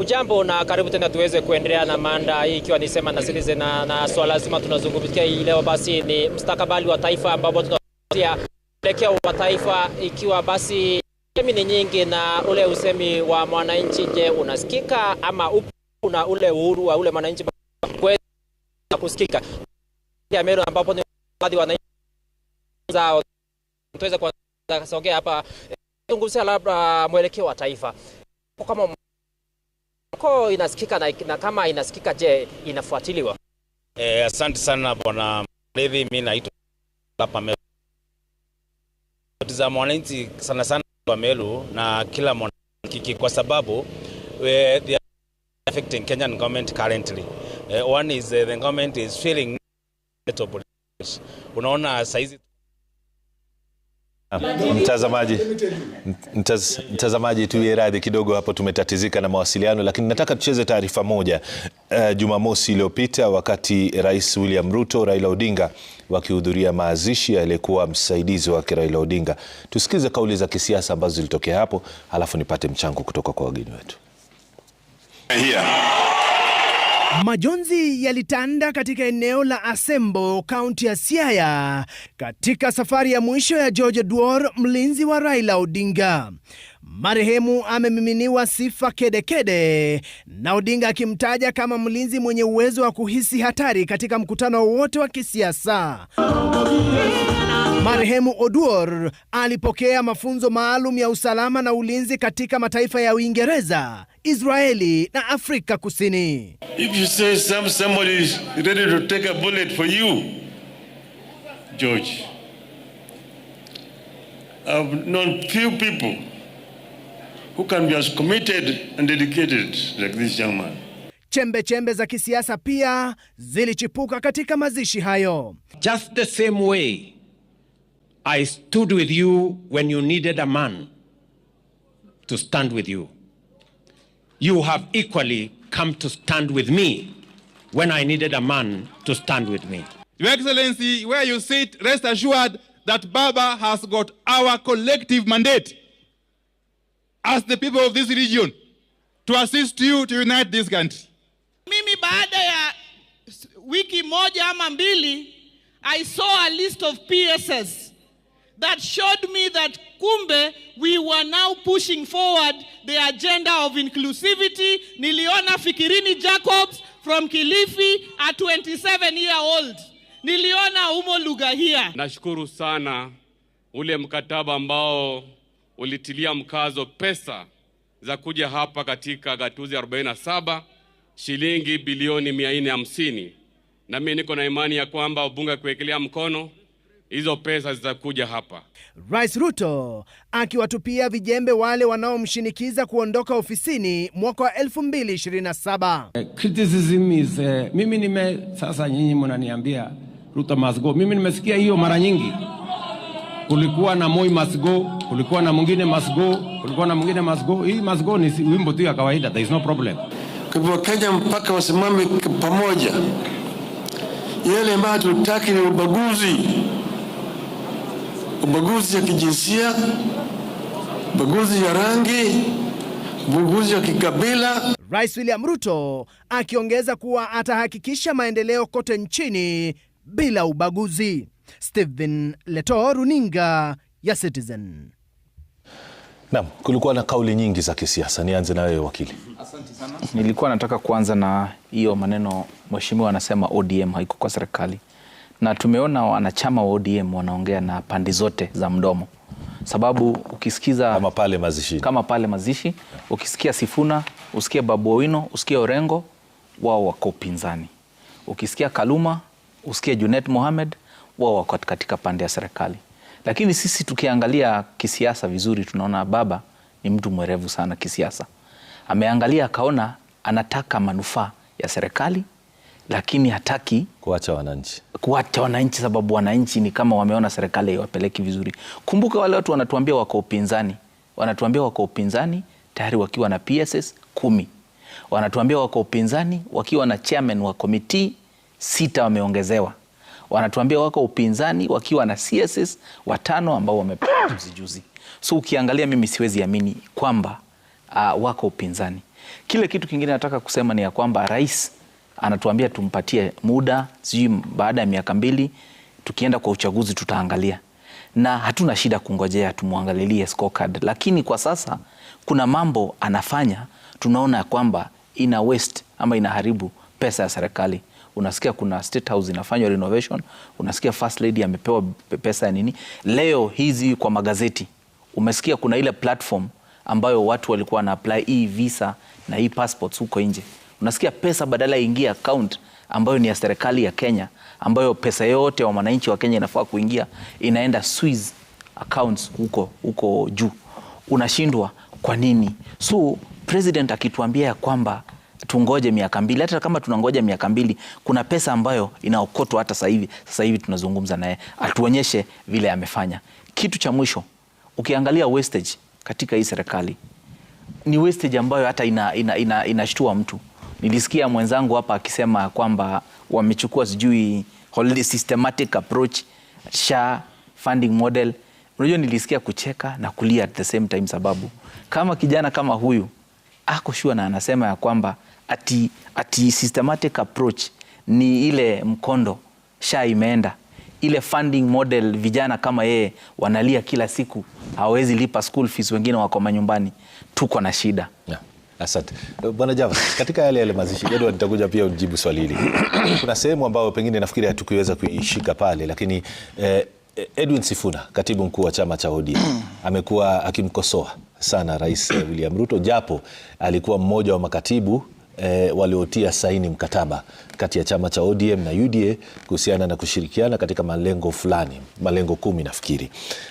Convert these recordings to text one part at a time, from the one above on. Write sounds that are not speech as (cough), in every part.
Ujambo na karibu tena tuweze kuendelea na manda hii ikiwa ni sema na series na, na swala zima tunazungumzia hii leo basi ni mstakabali wa taifa ambapo tunazungumzia mwelekeo wa taifa ikiwa basi semi ni nyingi na ule usemi wa mwananchi, je, unasikika ama upo na ule uhuru wa ule mwananchi kwa kusikika ya Meru ambapo ni baadhi wananchi zao tuweze kuongea hapa eh, zungumzia labda mwelekeo wa taifa kama ko inasikika na, na kama inasikika, je, inafuatiliwa? Eh, asante sana bwana Mlevi. Mimi naitwa Lapa za mwananchi sana sana wa melu na kila mwanakiki kwa sababu we, eh, the affecting Kenyan government currently. Uh, one is uh, the government is feeling unaona saizi Mtazamaji, mtaz, mtazamaji tuwe radhi kidogo hapo, tumetatizika na mawasiliano, lakini nataka tucheze taarifa moja. Uh, Jumamosi iliyopita wakati Rais William Ruto, Raila Odinga wakihudhuria maazishi aliyekuwa msaidizi wake Raila Odinga, tusikize kauli za kisiasa ambazo zilitokea hapo, halafu nipate mchango kutoka kwa wageni wetu. Majonzi yalitanda katika eneo la Asembo, kaunti ya Siaya, katika safari ya mwisho ya George Dwor, mlinzi wa Raila Odinga. Marehemu amemiminiwa sifa kedekede na Odinga akimtaja kama mlinzi mwenye uwezo wa kuhisi hatari katika mkutano wowote wa kisiasa. Marehemu Oduor alipokea mafunzo maalum ya usalama na ulinzi katika mataifa ya Uingereza, Israeli na Afrika Kusini. If you say some, somebody is ready to take a bullet for you, George. I've known few people who can be as committed and dedicated like this young man. Chembe chembe za kisiasa pia zilichipuka katika mazishi hayo. Just the same way I stood with you when you needed a man to stand with you. You have equally come to stand with me when I needed a man to stand with me. Your Excellency, where you sit, rest assured that Baba has got our collective mandate as the people of this region to assist you to unite this country. Mimi baada ya wiki moja ama mbili I saw a list of PSS that showed me that kumbe we were now pushing forward the agenda of inclusivity. Niliona Fikirini Jacobs from Kilifi, a 27 year old. Niliona Umo lugha hia Nashukuru sana ule mkataba ambao ulitilia mkazo pesa za kuja hapa katika gatuzi 47 shilingi bilioni 450, na mimi niko na imani ya kwamba ubunge kuwekelea mkono hizo pesa zitakuja hapa. Rais Ruto akiwatupia vijembe wale wanaomshinikiza kuondoka ofisini mwaka wa 2027. Eh, criticism is uh, mimi nime sasa, nyinyi mnaniambia Ruto must go. Mimi nimesikia hiyo mara nyingi kulikuwa na Moi must go, kulikuwa na mwingine must go, kulikuwa na mwingine must go. Hii must go ni wimbo tu ya kawaida, there is no problem. Kwa Kenya mpaka wasimame pamoja. Yale ambayo tutaki ni ubaguzi, ubaguzi ya kijinsia, ubaguzi ya rangi, ubaguzi ya kikabila. Rais William Ruto akiongeza kuwa atahakikisha maendeleo kote nchini bila ubaguzi. Stephen Leto, runinga ya Citizen. Naam, kulikuwa na kauli nyingi za kisiasa. Nianze na wewe wakili. Asante sana. Nilikuwa nataka kuanza na hiyo maneno mheshimiwa anasema ODM haiko kwa serikali, na tumeona wanachama wa ODM wanaongea na pande zote za mdomo, sababu ukisikiza kama pale mazishi, kama pale mazishi ukisikia Sifuna, usikie Babu Owino, usikie Orengo, wao wako upinzani. Ukisikia Kaluma, usikie Junet Mohamed wao katika pande ya serikali, lakini sisi tukiangalia kisiasa vizuri, tunaona baba ni mtu mwerevu sana kisiasa. Ameangalia akaona anataka manufaa ya serikali, lakini hataki kuacha wananchi kuacha wananchi, sababu wananchi ni kama wameona serikali haiwapeleki vizuri. Kumbuka wale watu wanatuambia wako upinzani, wanatuambia wako upinzani tayari wakiwa na PSS kumi, wanatuambia wako upinzani wakiwa na chairman wa committee sita wameongezewa wanatuambia wako upinzani wakiwa na CSS watano ambao wamepata ah! juzi juzi. So ukiangalia mimi siwezi amini kwamba uh, wako upinzani. Kile kitu kingine nataka kusema ni ya kwamba rais anatuambia tumpatie muda, sijui baada ya miaka mbili tukienda kwa uchaguzi tutaangalia, na hatuna shida kungojea, tumwangalilie scorecard, lakini kwa sasa kuna mambo anafanya tunaona kwamba ina waste ama inaharibu pesa ya serikali unasikia kuna State House inafanywa renovation, unasikia First Lady amepewa pesa ya nini. Leo hizi kwa magazeti umesikia kuna ile platform ambayo watu walikuwa na apply hii visa na hii passports huko nje, unasikia pesa badala ingia account ambayo ni ya serikali ya Kenya, ambayo pesa yote wa wananchi wa Kenya inafaa kuingia, inaenda Swiss accounts huko huko juu, unashindwa kwa nini? So president akituambia ya kwamba tungoje miaka mbili. Hata kama tunangoja miaka mbili, kuna pesa ambayo inaokotwa hata sasa hivi. Sasa hivi tunazungumza naye atuonyeshe vile amefanya. Kitu cha mwisho, ukiangalia wastage katika hii serikali ni wastage ambayo hata ina, ina, ina, ina mtu. Nilisikia mwenzangu hapa akisema kwamba wamechukua sijui holiday systematic approach SHA funding model. Unajua, nilisikia kucheka na kulia at the same time, sababu kama kijana kama huyu ako shua na anasema ya kwamba ati, ati systematic approach ni ile mkondo sha imeenda ile funding model. Vijana kama yeye wanalia kila siku, hawezi lipa school fees, wengine wako manyumbani, tuko na shida yeah. Asante bwana Java, katika yale yale mazishi Edward, nitakuja pia ujibu swali hili. (coughs) Kuna sehemu ambayo pengine nafikiri hatukiweza kuishika pale, lakini eh, Edwin Sifuna, katibu mkuu wa chama cha ODM, (coughs) amekuwa akimkosoa sana Rais William Ruto, japo alikuwa mmoja wa makatibu e, waliotia saini mkataba kati ya chama cha ODM na UDA kuhusiana na kushirikiana katika malengo fulani, malengo kumi nafikiri.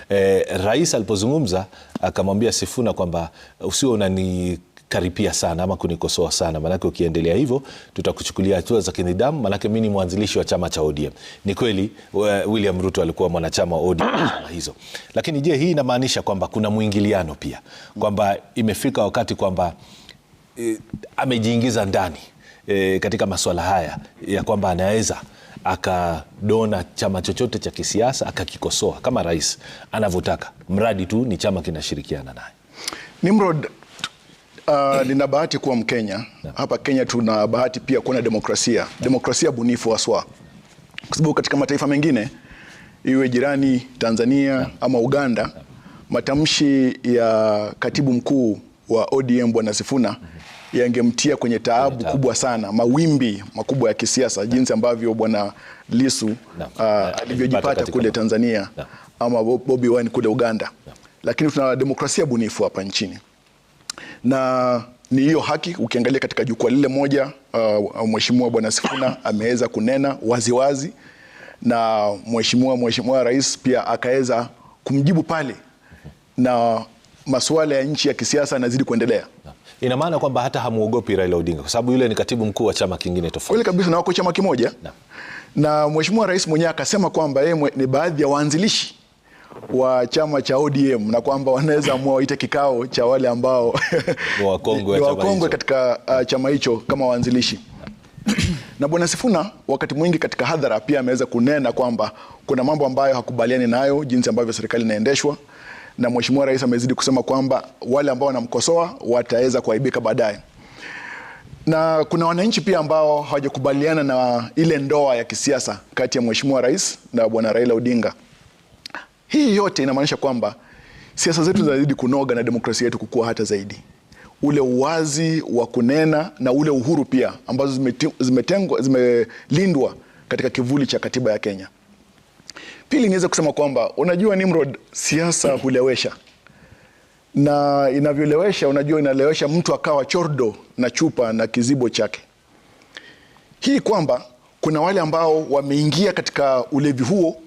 E, rais alipozungumza akamwambia Sifuna kwamba usio unani karipia sana ama kunikosoa sana maanake, ukiendelea hivyo tutakuchukulia hatua za kinidhamu, maanake mi ni mwanzilishi wa chama cha ODM. Ni kweli William Ruto alikuwa mwanachama wa ODM chama hizo, lakini je, hii inamaanisha kwamba kuna mwingiliano pia, kwamba imefika wakati kwamba eh, amejiingiza ndani eh, katika masuala haya ya kwamba anaweza akadona chama chochote cha kisiasa akakikosoa kama rais anavyotaka, mradi tu ni chama kinashirikiana naye. Nimrod, uh, nina bahati kuwa Mkenya na hapa Kenya tuna bahati pia kuona demokrasia na demokrasia bunifu haswa, kwa sababu katika mataifa mengine iwe jirani Tanzania na ama Uganda, matamshi ya katibu mkuu wa ODM Bwana Sifuna mhm yangemtia kwenye taabu kubwa sana, mawimbi makubwa ya kisiasa, jinsi ambavyo bwana Lisu ah, alivyojipata kule Tanzania na, ama Bobi Wine kule Uganda na. Lakini tuna demokrasia bunifu hapa nchini na ni hiyo haki. Ukiangalia katika jukwaa lile moja, uh, mheshimiwa bwana Sifuna (coughs) ameweza kunena waziwazi wazi, na mheshimiwa mheshimiwa rais pia akaweza kumjibu pale, mhm. na masuala ya nchi ya kisiasa yanazidi kuendelea ina maana kwamba hata hamuogopi Raila Odinga kwa sababu yule ni katibu mkuu wa chama kingine tofauti. Kweli kabisa, na wako chama kimoja na, na Mheshimiwa Rais mwenyewe akasema kwamba yeye ni baadhi ya waanzilishi wa chama cha ODM na kwamba wanaweza amua (coughs) waite kikao cha wale ambao (laughs) wakongwe wa katika uh, chama hicho kama waanzilishi (coughs) na Bwana Sifuna wakati mwingi katika hadhara pia ameweza kunena kwamba kuna mambo ambayo hakubaliani nayo, jinsi ambavyo serikali inaendeshwa na Mheshimiwa Rais amezidi kusema kwamba wale ambao wanamkosoa wataweza kuaibika baadaye. Na kuna wananchi pia ambao hawajakubaliana na ile ndoa ya kisiasa kati ya Mheshimiwa Rais na Bwana Raila Odinga. Hii yote inamaanisha kwamba siasa zetu zinazidi kunoga na demokrasia yetu kukua hata zaidi. Ule uwazi wa kunena na ule uhuru pia ambazo zimetengwa, zimelindwa katika kivuli cha katiba ya Kenya. Pili, niweze kusema kwamba unajua Nimrod, siasa hulewesha na inavyolewesha, unajua inalewesha mtu akawa chordo na chupa na kizibo chake. Hii kwamba kuna wale ambao wameingia katika ulevi huo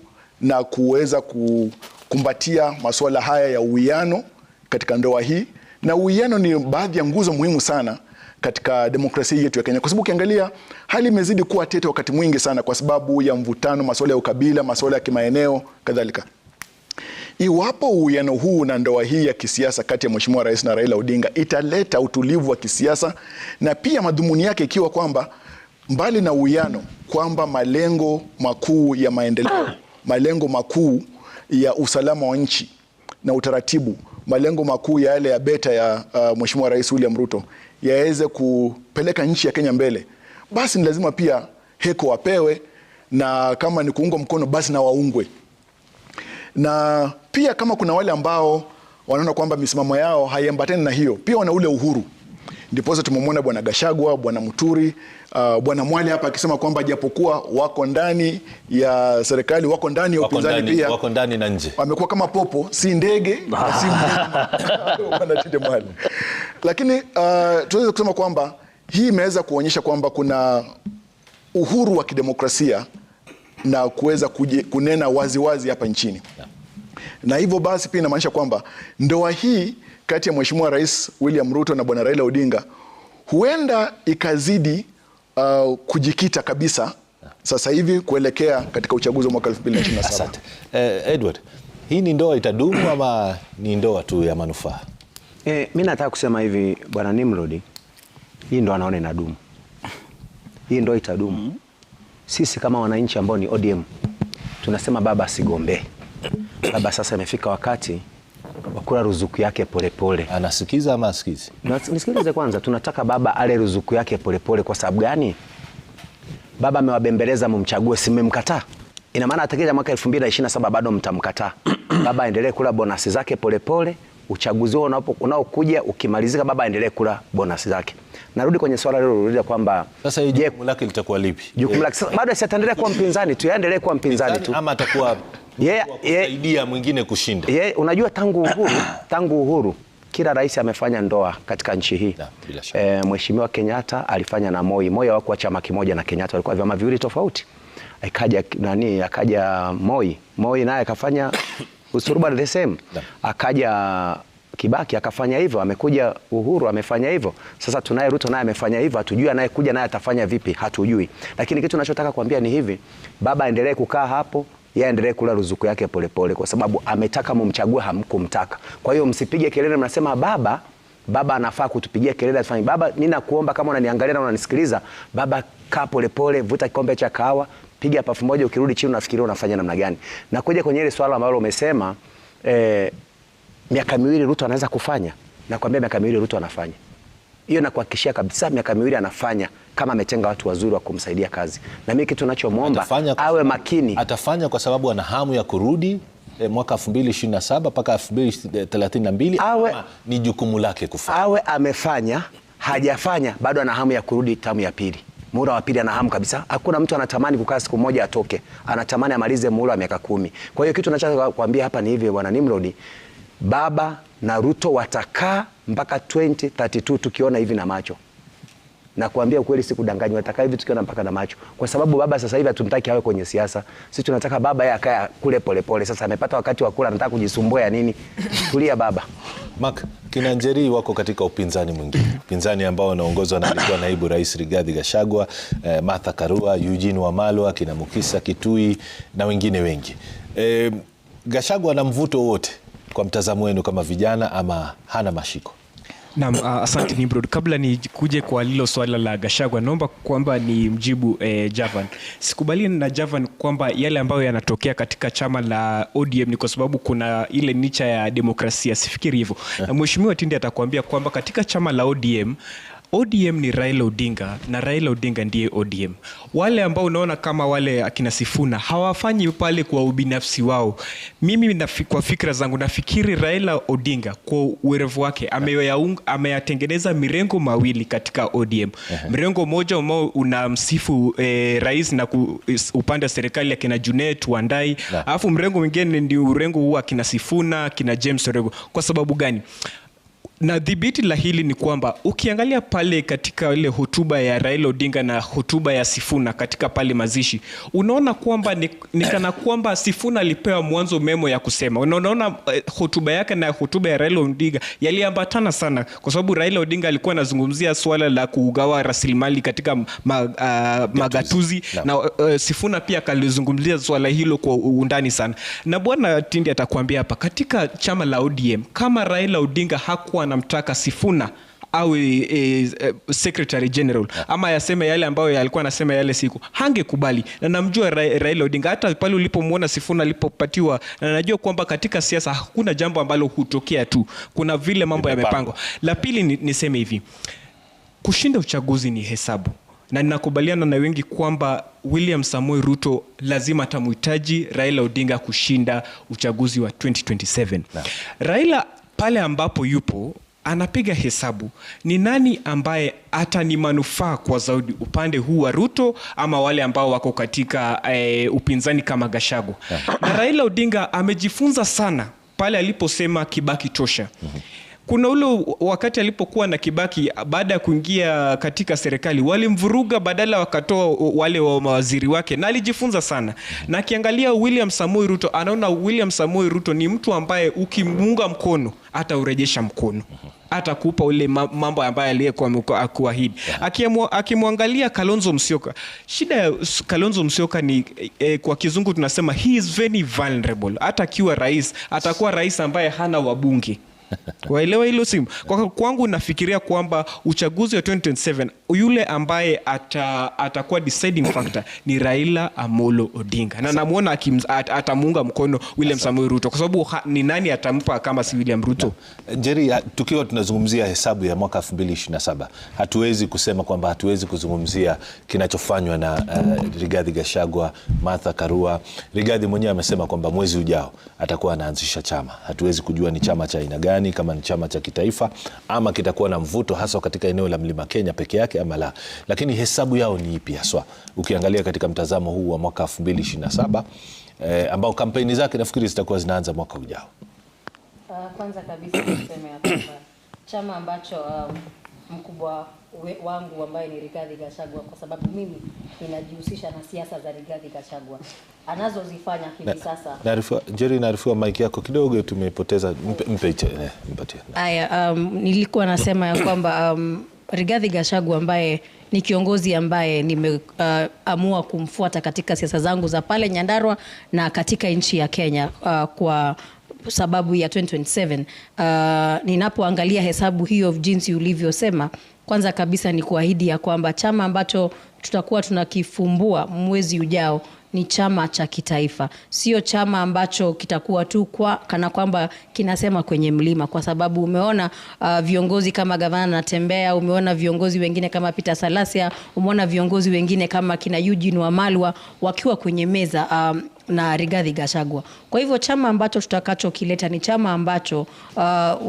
na kuweza kukumbatia masuala haya ya uwiano katika ndoa hii, na uwiano ni baadhi ya nguzo muhimu sana katika demokrasia yetu ya Kenya, kwa sababu ukiangalia hali imezidi kuwa tete wakati mwingi sana, kwa sababu ya mvutano, masuala ya ukabila, masuala ya kimaeneo kadhalika. Iwapo uwiano huu na ndoa hii ya kisiasa kati ya Mheshimiwa Rais na Raila Odinga italeta utulivu wa kisiasa na pia madhumuni yake ikiwa kwamba mbali na uwiano kwamba malengo makuu ya maendeleo, malengo makuu ya usalama wa nchi na utaratibu, malengo makuu ya yale ya beta ya uh, Mheshimiwa Rais William Ruto yaweze kupeleka nchi ya Kenya mbele, basi ni lazima pia heko wapewe, na kama ni kuungwa mkono basi na waungwe. Na pia kama kuna wale ambao wanaona kwamba misimamo yao haiambatani na hiyo, pia wana ule uhuru. Ndiposa tumemwona Bwana Gashagwa, Bwana Muturi, uh, Bwana Mwale hapa akisema kwamba japokuwa wako ndani ya serikali, wako ndani ya upinzani pia, wako ndani na nje, wamekuwa kama popo, si ndege na si (laughs) mnyama. (laughs) Bwana Tinde Mwale lakini uh, tunaweza kusema kwamba hii imeweza kuonyesha kwamba kuna uhuru wa kidemokrasia na kuweza kunena waziwazi hapa nchini, na hivyo basi pia inamaanisha kwamba ndoa hii kati ya Mheshimiwa Rais William Ruto na Bwana Raila Odinga huenda ikazidi uh, kujikita kabisa sasa hivi kuelekea katika uchaguzi wa mwaka 2027. Asante. Eh, Edward, hii ni ndoa itadumu ama ni ndoa tu ya manufaa? E, eh, mi nataka kusema hivi bwana Nimrod, hii ndo anaona inadumu, hii ndo itadumu. mm -hmm. Sisi kama wananchi ambao ni ODM tunasema baba asigombee. Baba sasa imefika wakati wa kula ruzuku yake polepole. Anasikiza ama asikizi? Nisikilize kwanza, tunataka baba ale ruzuku yake polepole. Kwa sababu gani? Baba amewabembeleza mumchague, si simemkataa ina maana atakija mwaka 2027 bado mtamkataa. (clears throat) Baba aendelee kula bonasi zake polepole pole uchaguzi huo unaokuja ukimalizika, baba aendelee kula bonus zake. Narudi kwenye swala lile kwamba sasa hiyo jukumu lake litakuwa lipi? Jukumu lake bado ataendelea kuwa mpinzani tu, yaendelee kuwa mpinzani tu ama atakuwa yeah, yeah, mwingine kushinda yeye yeah. Unajua tangu uhuru tangu uhuru kila rais amefanya ndoa katika nchi hii e, Mheshimiwa Kenyatta alifanya na Moi. Moi hawakuwa chama kimoja na Kenyatta, walikuwa vyama viwili tofauti. Akaja nani, akaja Moi, Moi naye akafanya usuruba the same yeah. Akaja Kibaki akafanya hivyo, amekuja Uhuru amefanya hivyo, sasa tunaye Ruto naye amefanya hivyo. Hatujui anayekuja naye atafanya vipi, hatujui. Lakini kitu nachotaka kuambia ni hivi, baba aendelee kukaa hapo yeye aendelee kula ruzuku yake polepole, pole, kwa sababu ametaka mumchague, hamkumtaka. Kwa hiyo msipige kelele, mnasema baba baba anafaa kutupigia kelele afanye Baba, mimi nakuomba kama unaniangalia na unanisikiliza, baba kaa polepole, vuta kikombe cha kahawa, piga pafu moja, ukirudi chini unafikiria unafanya namna gani. Na kuja kwenye ile swala ambalo umesema eh, miaka miwili Ruto anaweza kufanya, nakwambia miaka miwili Ruto anafanya hiyo nakuhakikishia kabisa miaka miwili anafanya, kama ametenga watu wazuri wa kumsaidia kazi. Na mimi kitu nachomwomba awe makini, atafanya kwa sababu ana hamu ya kurudi e, mwaka 2027 mpaka 2032 awe ni jukumu lake kufanya, awe amefanya hajafanya, bado ana hamu ya kurudi tamu ya pili muhula wa pili ana hamu kabisa. Hakuna mtu anatamani kukaa siku moja atoke, anatamani amalize muhula wa miaka kumi. Kwa hiyo kitu nachotaka kuambia hapa ni hivi, bwana Nimrod, baba na Ruto watakaa mpaka 2032 tukiona hivi na macho na kuambia ukweli, sikudanganywa. Atakaa hivi tukiona mpaka na macho, kwa sababu baba sasa hivi hatumtaki awe kwenye siasa. Sisi tunataka baba yeye akae kule polepole. Sasa amepata wakati wa kula, anataka kujisumbua nini? Tulia baba. Mark Kinanjeri, wako katika upinzani mwingine, upinzani ambao unaongozwa na alikuwa naibu rais Rigathi Gachagua, eh, Martha Karua, Eugene Wamalwa, kina Mukisa Kitui na wengine wengi. Eh, Gachagua na mvuto wote kwa mtazamo wenu kama vijana ama hana mashiko? Naam, uh, asante Nimrod. Kabla ni kuje kwa lilo swala la Gashagwa, naomba kwamba ni mjibu eh, Javan. Sikubaliani na Javan kwamba yale ambayo yanatokea katika chama la ODM ni kwa sababu kuna ile nicha ya demokrasia. Sifikiri hivyo, eh. na mheshimiwa Tindi atakuambia kwamba katika chama la ODM ODM ni Raila Odinga na Raila Odinga ndiye ODM. Wale ambao unaona kama wale akina Sifuna hawafanyi pale kwa ubinafsi wao. Mimi nafi, kwa fikra zangu nafikiri Raila Odinga kwa uwerevu wake ameyatengeneza mirengo mawili katika ODM. Mrengo mmoja ambao unamsifu eh, rais na ku, upande wa serikali akina Junet Wandai, alafu mrengo mwingine ndio urengo huu akina Sifuna, akina James Orego. Kwa sababu gani? na dhibiti la hili ni kwamba ukiangalia pale katika ile hotuba ya Raila Odinga na hotuba ya Sifuna katika pale mazishi, unaona kwamba ni, ni kana kwamba Sifuna alipewa mwanzo memo ya kusema. Unaona eh, hotuba yake na hotuba ya Raila Odinga yaliambatana sana, kwa sababu Raila Odinga alikuwa anazungumzia swala la kugawa rasilimali katika ma, uh, magatuzi no. na uh, Sifuna pia akalizungumzia swala hilo kwa undani sana, na bwana Tindi atakuambia hapa katika chama la ODM kama Raila Odinga hakuwa anamtaka Sifuna awe e, e, secretary general ama yaseme yale ambayo yalikuwa anasema yale siku, hangekubali na namjua Raila Odinga. Hata pale ulipomuona Sifuna alipopatiwa, na najua kwamba katika siasa hakuna jambo ambalo hutokea tu, kuna vile mambo yamepangwa. La pili ni, niseme hivi, kushinda uchaguzi ni hesabu na ninakubaliana na wengi kwamba William Samoei Ruto lazima atamhitaji Raila Odinga kushinda uchaguzi wa 2027 na. Raila pale ambapo yupo anapiga hesabu ni nani ambaye hata ni manufaa kwa zaidi upande huu wa Ruto ama wale ambao wako katika e, upinzani kama Gashago yeah. Na Raila Odinga amejifunza sana pale aliposema Kibaki tosha. mm -hmm. Kuna ule wakati alipokuwa na Kibaki, baada ya kuingia katika serikali walimvuruga, badala wakatoa wale wa mawaziri wake, na alijifunza sana. Na akiangalia William Samoei Ruto, anaona William Samoei Ruto ni mtu ambaye ukimuunga mkono ataurejesha mkono atakupa ule mambo ambayo aliyekuwa akuahidi. Akimwangalia Kalonzo Musyoka, shida ya Kalonzo Musyoka ni e, kwa kizungu tunasema he is very vulnerable. Hata akiwa rais, atakuwa rais ambaye hana wabunge waelewa hilo simu kwa kwangu nafikiria kwamba uchaguzi wa 2027 yule ambaye atakuwa ata deciding factor ni raila amolo odinga na namwona at, atamuunga mkono william samuel ruto kwa sababu ni nani atampa kama si william ruto jeri tukiwa tunazungumzia hesabu ya mwaka 2027 hatuwezi kusema kwamba hatuwezi kuzungumzia kinachofanywa na uh, eh, rigadhi gashagwa martha karua rigadhi mwenyewe amesema kwamba mwezi ujao atakuwa anaanzisha chama hatuwezi kujua ni chama cha aina gani gani, kama ni chama cha kitaifa ama kitakuwa na mvuto haswa katika eneo la mlima Kenya peke yake ama la, lakini hesabu yao ni ipi haswa ukiangalia katika mtazamo huu wa mwaka 2027 eh, ambao kampeni zake nafikiri zitakuwa zinaanza mwaka ujao. Uh, kwanza kabisa niseme hapa chama ambacho um, mkubwa wangu ambaye ni Rigathi Gachagua, kwa sababu mimi ninajihusisha na siasa za Rigathi Gachagua anazozifanya hivi sasa. Njeri, narifua mike yako kidogo, tumepoteza. Mpe eh, mpatie. Aya, um, nilikuwa nasema ya kwamba um, Rigathi Gachagua ambaye ni kiongozi ambaye nimeamua uh, kumfuata katika siasa zangu za pale Nyandarua na katika nchi ya Kenya uh, kwa sababu ya 2027 uh, ninapoangalia hesabu hiyo jinsi ulivyosema kwanza kabisa ni kuahidi ya kwamba chama ambacho tutakuwa tunakifumbua mwezi ujao ni chama cha kitaifa, sio chama ambacho kitakuwa tu kwa kana kwamba kinasema kwenye mlima, kwa sababu umeona uh, viongozi kama gavana Natembea, umeona viongozi wengine kama Peter Salasia, umeona viongozi wengine kama kina Eugene Wamalwa wakiwa kwenye meza um, na Rigathi Gachagua. Kwa hivyo chama ambacho tutakachokileta ni chama ambacho uh,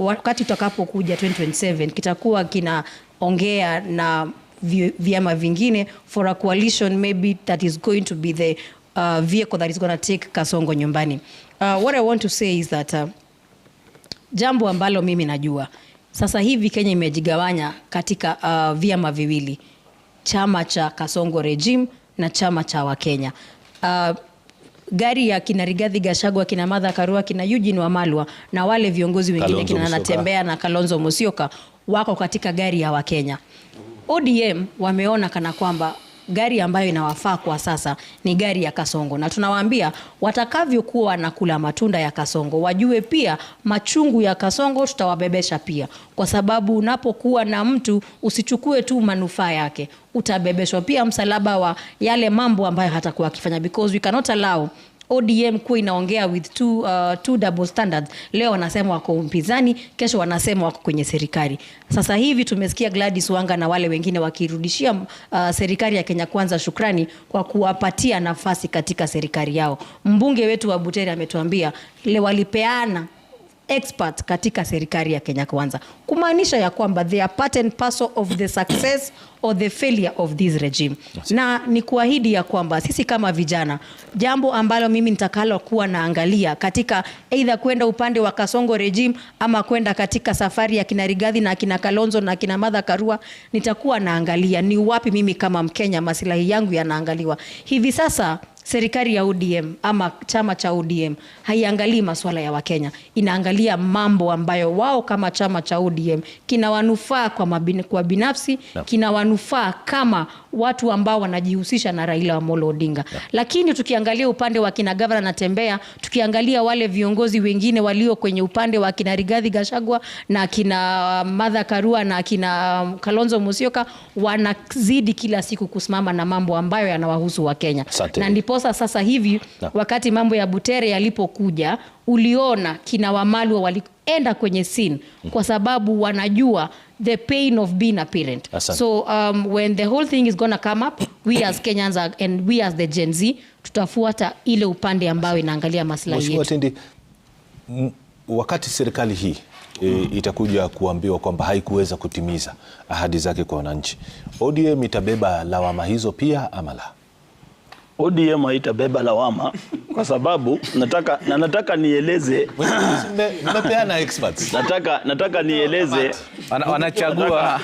wakati tutakapokuja 2027 kitakuwa kina ongea na vyama vingine for a coalition maybe that is going to be the uh, vehicle that is going to take Kasongo nyumbani. Uh, what I want to say is that uh, jambo ambalo mimi najua sasa hivi Kenya imejigawanya katika uh, vyama viwili, chama cha Kasongo regime na chama cha Wakenya. Uh, gari ya kina Rigathi Gachagua, kina Martha Karua, kina Eugene Wamalwa na wale viongozi wengine kina Natembea na Kalonzo Musyoka wako katika gari ya Wakenya. ODM wameona kana kwamba gari ambayo inawafaa kwa sasa ni gari ya Kasongo, na tunawaambia watakavyokuwa na kula matunda ya Kasongo, wajue pia machungu ya Kasongo tutawabebesha pia, kwa sababu unapokuwa na mtu usichukue tu manufaa yake, utabebeshwa pia msalaba wa yale mambo ambayo hatakuwa akifanya because we cannot allow ODM kuwa inaongea with two, uh, two double standards. Leo wanasema wako mpinzani kesho wanasema wako kwenye serikali. Sasa hivi tumesikia Gladys Wanga na wale wengine wakirudishia uh, serikali ya Kenya Kwanza shukrani kwa kuwapatia nafasi katika serikali yao. Mbunge wetu wa Butere ametuambia walipeana expert katika serikali ya Kenya Kwanza, kumaanisha ya kwamba they are part and parcel of the success or the failure of this regime. Na ni kuahidi ya kwamba sisi kama vijana, jambo ambalo mimi nitakalo kuwa naangalia katika either kwenda upande wa Kasongo regime ama kwenda katika safari ya kina Rigathi na kina Kalonzo na kina Martha Karua, nitakuwa naangalia ni wapi mimi kama Mkenya masilahi yangu yanaangaliwa hivi sasa serikali ya ODM ama chama cha ODM haiangalii masuala ya Wakenya, inaangalia mambo ambayo wao kama chama cha ODM kinawanufaa kwa, kwa binafsi no. kinawanufaa kama watu ambao wanajihusisha na Raila Amolo Odinga no. Lakini tukiangalia upande wa kina Gavana Natembea, tukiangalia wale viongozi wengine walio kwenye upande wa kina Rigathi Gachagua na kina uh, Martha Karua na kina um, Kalonzo Musyoka, wanazidi kila siku kusimama na mambo ambayo yanawahusu Wakenya na ndipo ndiposa sasa hivi no. wakati mambo ya Butere yalipokuja uliona kina Wamalwa walienda kwenye sin mm. kwa sababu wanajua the pain of being a parent Asana. so um, when the whole thing is gonna come up we as (coughs) Kenyans are, and we as the Gen Z tutafuata ile upande ambayo inaangalia maslahi yetu. wakati serikali hii E, mm. itakuja kuambiwa kwamba haikuweza kutimiza ahadi zake kwa wananchi. ODM itabeba lawama hizo pia ama la? ODM haitabeba lawama kwa sababu nataka na nataka nieleze mmepeana experts. (laughs) Nataka nataka nieleze wanachagua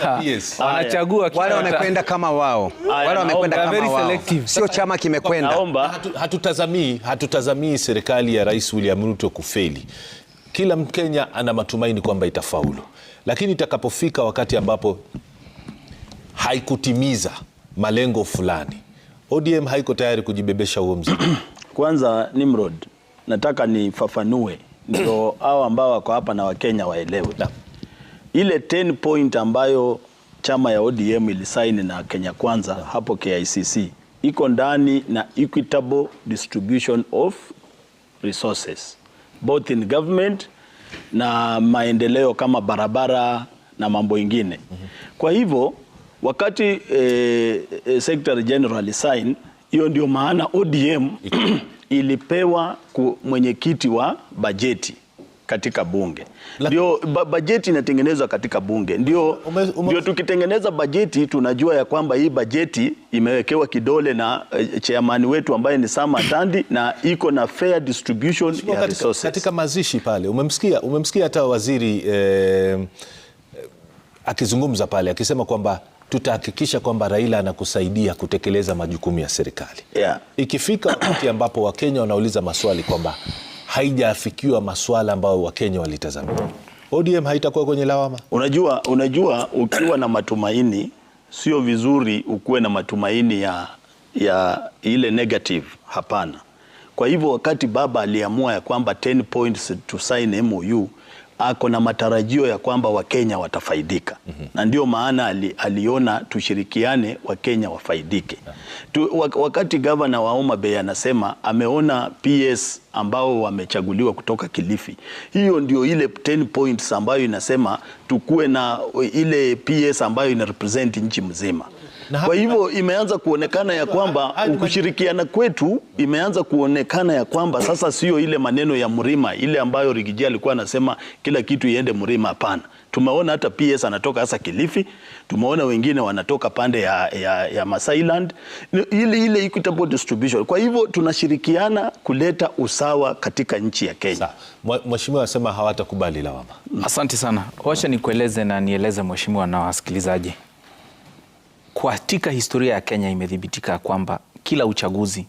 wanachagua (laughs) wale wamekwenda kama wao wale wamekwenda kama wao, sio chama kimekwenda. Naomba Hatutazamii hatutazamii serikali ya Rais William Ruto kufeli. Kila Mkenya ana matumaini kwamba itafaulu, lakini itakapofika wakati ambapo haikutimiza malengo fulani ODM haiko tayari kujibebesha huo mzigo? (clears throat) Kwanza Nimrod, nataka nifafanue ndio (clears throat) hao ambao wako hapa na Wakenya waelewe na ile 10 point ambayo chama ya ODM ilisaini na Kenya Kwanza na hapo KICC iko ndani na equitable distribution of resources both in government na maendeleo kama barabara na mambo ingine. Mhm. Kwa hivyo wakati eh, eh, Secretary General sign hiyo ndio maana ODM (clears throat) ilipewa mwenyekiti wa bajeti katika bunge ndio bajeti inatengenezwa katika bunge ndio, ndio tukitengeneza bajeti tunajua ya kwamba hii bajeti imewekewa kidole na uh, chairman wetu ambaye ni Sam Atandi na iko na fair distribution ya katika, resources. Katika mazishi pale umemsikia umemsikia hata waziri eh, eh akizungumza pale akisema kwamba tutahakikisha kwamba Raila anakusaidia kutekeleza majukumu ya serikali yeah. Ikifika (clears throat) wakati ambapo Wakenya wanauliza maswali kwamba haijaafikiwa maswala ambayo Wakenya walitazamia, ODM haitakuwa kwenye lawama. Unajua, unajua ukiwa na matumaini sio vizuri ukuwe na matumaini ya, ya ile negative. Hapana. Kwa hivyo wakati baba aliamua ya kwamba 10 points to sign MOU ako na matarajio ya kwamba Wakenya watafaidika mm -hmm. na ndio maana ali, aliona tushirikiane Wakenya wafaidike tu, wakati gavana wa Homa Bay anasema ameona PS ambao wamechaguliwa kutoka Kilifi, hiyo ndio ile 10 points ambayo inasema tukuwe na ile PS ambayo ina represent nchi mzima kwa hivyo imeanza kuonekana ya kwamba kushirikiana kwetu imeanza kuonekana ya kwamba sasa sio ile maneno ya mrima ile ambayo Rigiji alikuwa anasema kila kitu iende mrima Hapana, tumeona hata PS anatoka hasa Kilifi, tumeona wengine wanatoka pande ya, ya, ya Masailand ile ile equitable distribution. Kwa hivyo tunashirikiana kuleta usawa katika nchi ya Kenya. Mheshimiwa anasema hawatakubali lawama. Asante sana, wacha nikueleze na nieleze mheshimiwa na wasikilizaji katika historia ya Kenya imethibitika kwamba kila uchaguzi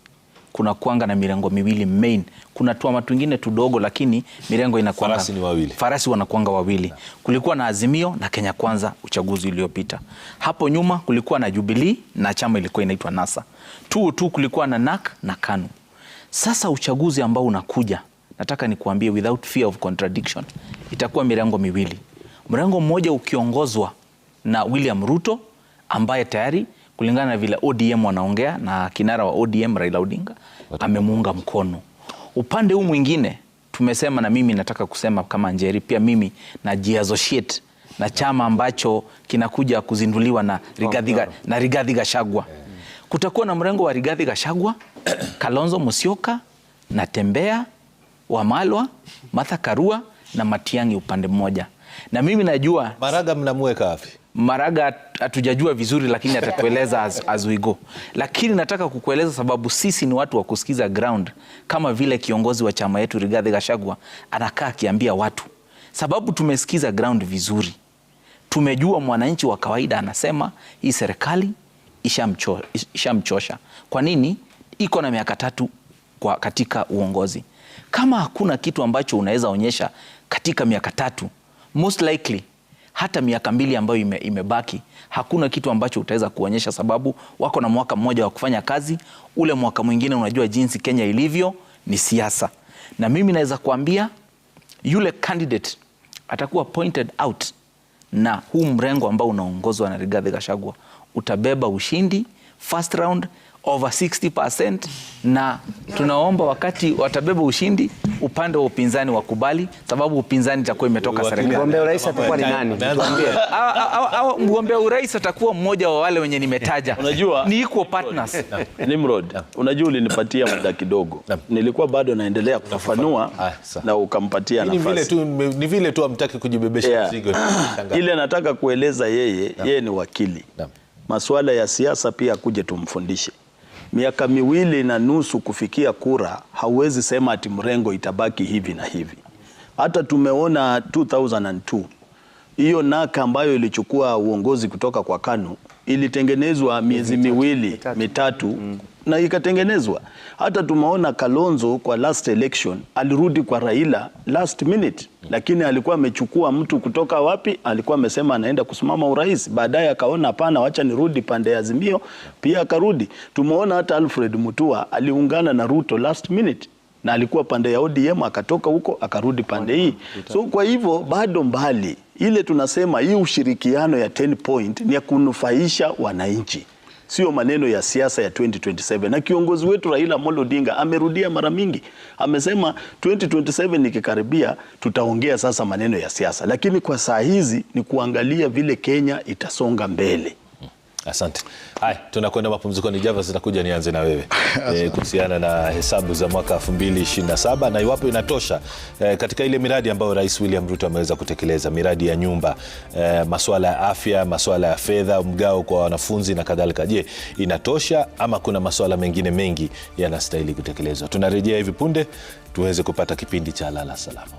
kuna kuanga na mirengo miwili main. Kuna tuama twingine tudogo, lakini mirengo inakuanga farasi ni wawili, farasi wanakuanga wawili. Kulikuwa na Azimio na Kenya Kwanza uchaguzi uliopita. Hapo nyuma kulikuwa na Jubilee na chama ilikuwa inaitwa NASA tu tu, kulikuwa na NAK na KANU. Sasa uchaguzi ambao unakuja, nataka nikuambie without fear of contradiction, itakuwa mirengo miwili, mrengo mmoja ukiongozwa na William Ruto ambaye tayari kulingana na vile ODM wanaongea na kinara wa ODM Raila Odinga amemuunga mkono. Upande huu mwingine tumesema, na mimi nataka kusema kama Njeri, pia mimi najiassociate na chama ambacho kinakuja kuzinduliwa na Rigathi, na Rigathi Gachagua. Eh. Kutakuwa na mrengo wa Rigathi Gachagua, (coughs) Kalonzo Musyoka, Natembea, Wamalwa, Martha Karua na Matiang'i upande mmoja, na mimi najua Maraga mnamweka wapi? Maraga hatujajua vizuri, lakini atatueleza as, as we go. Lakini nataka kukueleza sababu sisi ni watu wa kusikiza ground, kama vile kiongozi wa chama yetu Rigathi Gachagua anakaa akiambia watu, sababu tumesikiza ground vizuri, tumejua mwananchi wa kawaida anasema hii serikali ishamchosha ishamchosha. Kwa nini? Iko na miaka tatu kwa katika uongozi. Kama hakuna kitu ambacho unaweza onyesha katika miaka tatu, most likely hata miaka mbili ambayo ime, imebaki hakuna kitu ambacho utaweza kuonyesha, sababu wako na mwaka mmoja wa kufanya kazi. Ule mwaka mwingine, unajua jinsi Kenya ilivyo, ni siasa, na mimi naweza kuambia yule candidate atakuwa pointed out na huu mrengo ambao unaongozwa na Rigathi Gachagua utabeba ushindi first round over 60% na tunaomba wakati watabeba ushindi upande wa upinzani wakubali, sababu upinzani itakuwa imetoka serikali. Mgombea urais atakuwa ni nani? Mgombea urais atakuwa mmoja wa wale wenye nimetaja. Unajua ni equal partners. (laughs) Nimrod, unajua ulinipatia muda kidogo, nilikuwa bado naendelea kufafanua ah, na ukampatia nafasi. Ni vile tu amtaki kujibebesha mzigo. (clears throat) Ile nataka kueleza yeye, yeye ni wakili, masuala ya siasa pia akuje tumfundishe miaka miwili na nusu kufikia kura, hauwezi sema ati mrengo itabaki hivi na hivi. Hata tumeona 2002 hiyo naka ambayo ilichukua uongozi kutoka kwa KANU ilitengenezwa miezi miwili mitatu, mitatu mm. na ikatengenezwa. Hata tumeona Kalonzo kwa last election alirudi kwa Raila last minute, lakini alikuwa amechukua mtu kutoka wapi, alikuwa amesema anaenda kusimama urais, baadaye akaona hapana, wacha nirudi pande ya Azimio, pia akarudi. Tumeona hata Alfred Mutua aliungana na Ruto last minute na alikuwa pande ya ODM akatoka huko akarudi pande hii, so kwa hivyo bado mbali ile tunasema hii ushirikiano ya 10 point ni ya kunufaisha wananchi, sio maneno ya siasa ya 2027. Na kiongozi wetu Raila Amolo Odinga amerudia mara mingi, amesema 2027 nikikaribia tutaongea sasa maneno ya siasa, lakini kwa saa hizi ni kuangalia vile Kenya itasonga mbele. Asante. haya tunakwenda mapumzikoni. Java, zitakuja nianze na wewe (laughs) e, kuhusiana na hesabu za mwaka 2027 na iwapo inatosha e, katika ile miradi ambayo Rais William Ruto ameweza kutekeleza, miradi ya nyumba e, masuala ya afya, masuala ya fedha, mgao kwa wanafunzi na kadhalika. Je, inatosha ama kuna masuala mengine mengi yanastahili kutekelezwa? Tunarejea hivi punde tuweze kupata kipindi cha Lala Salama.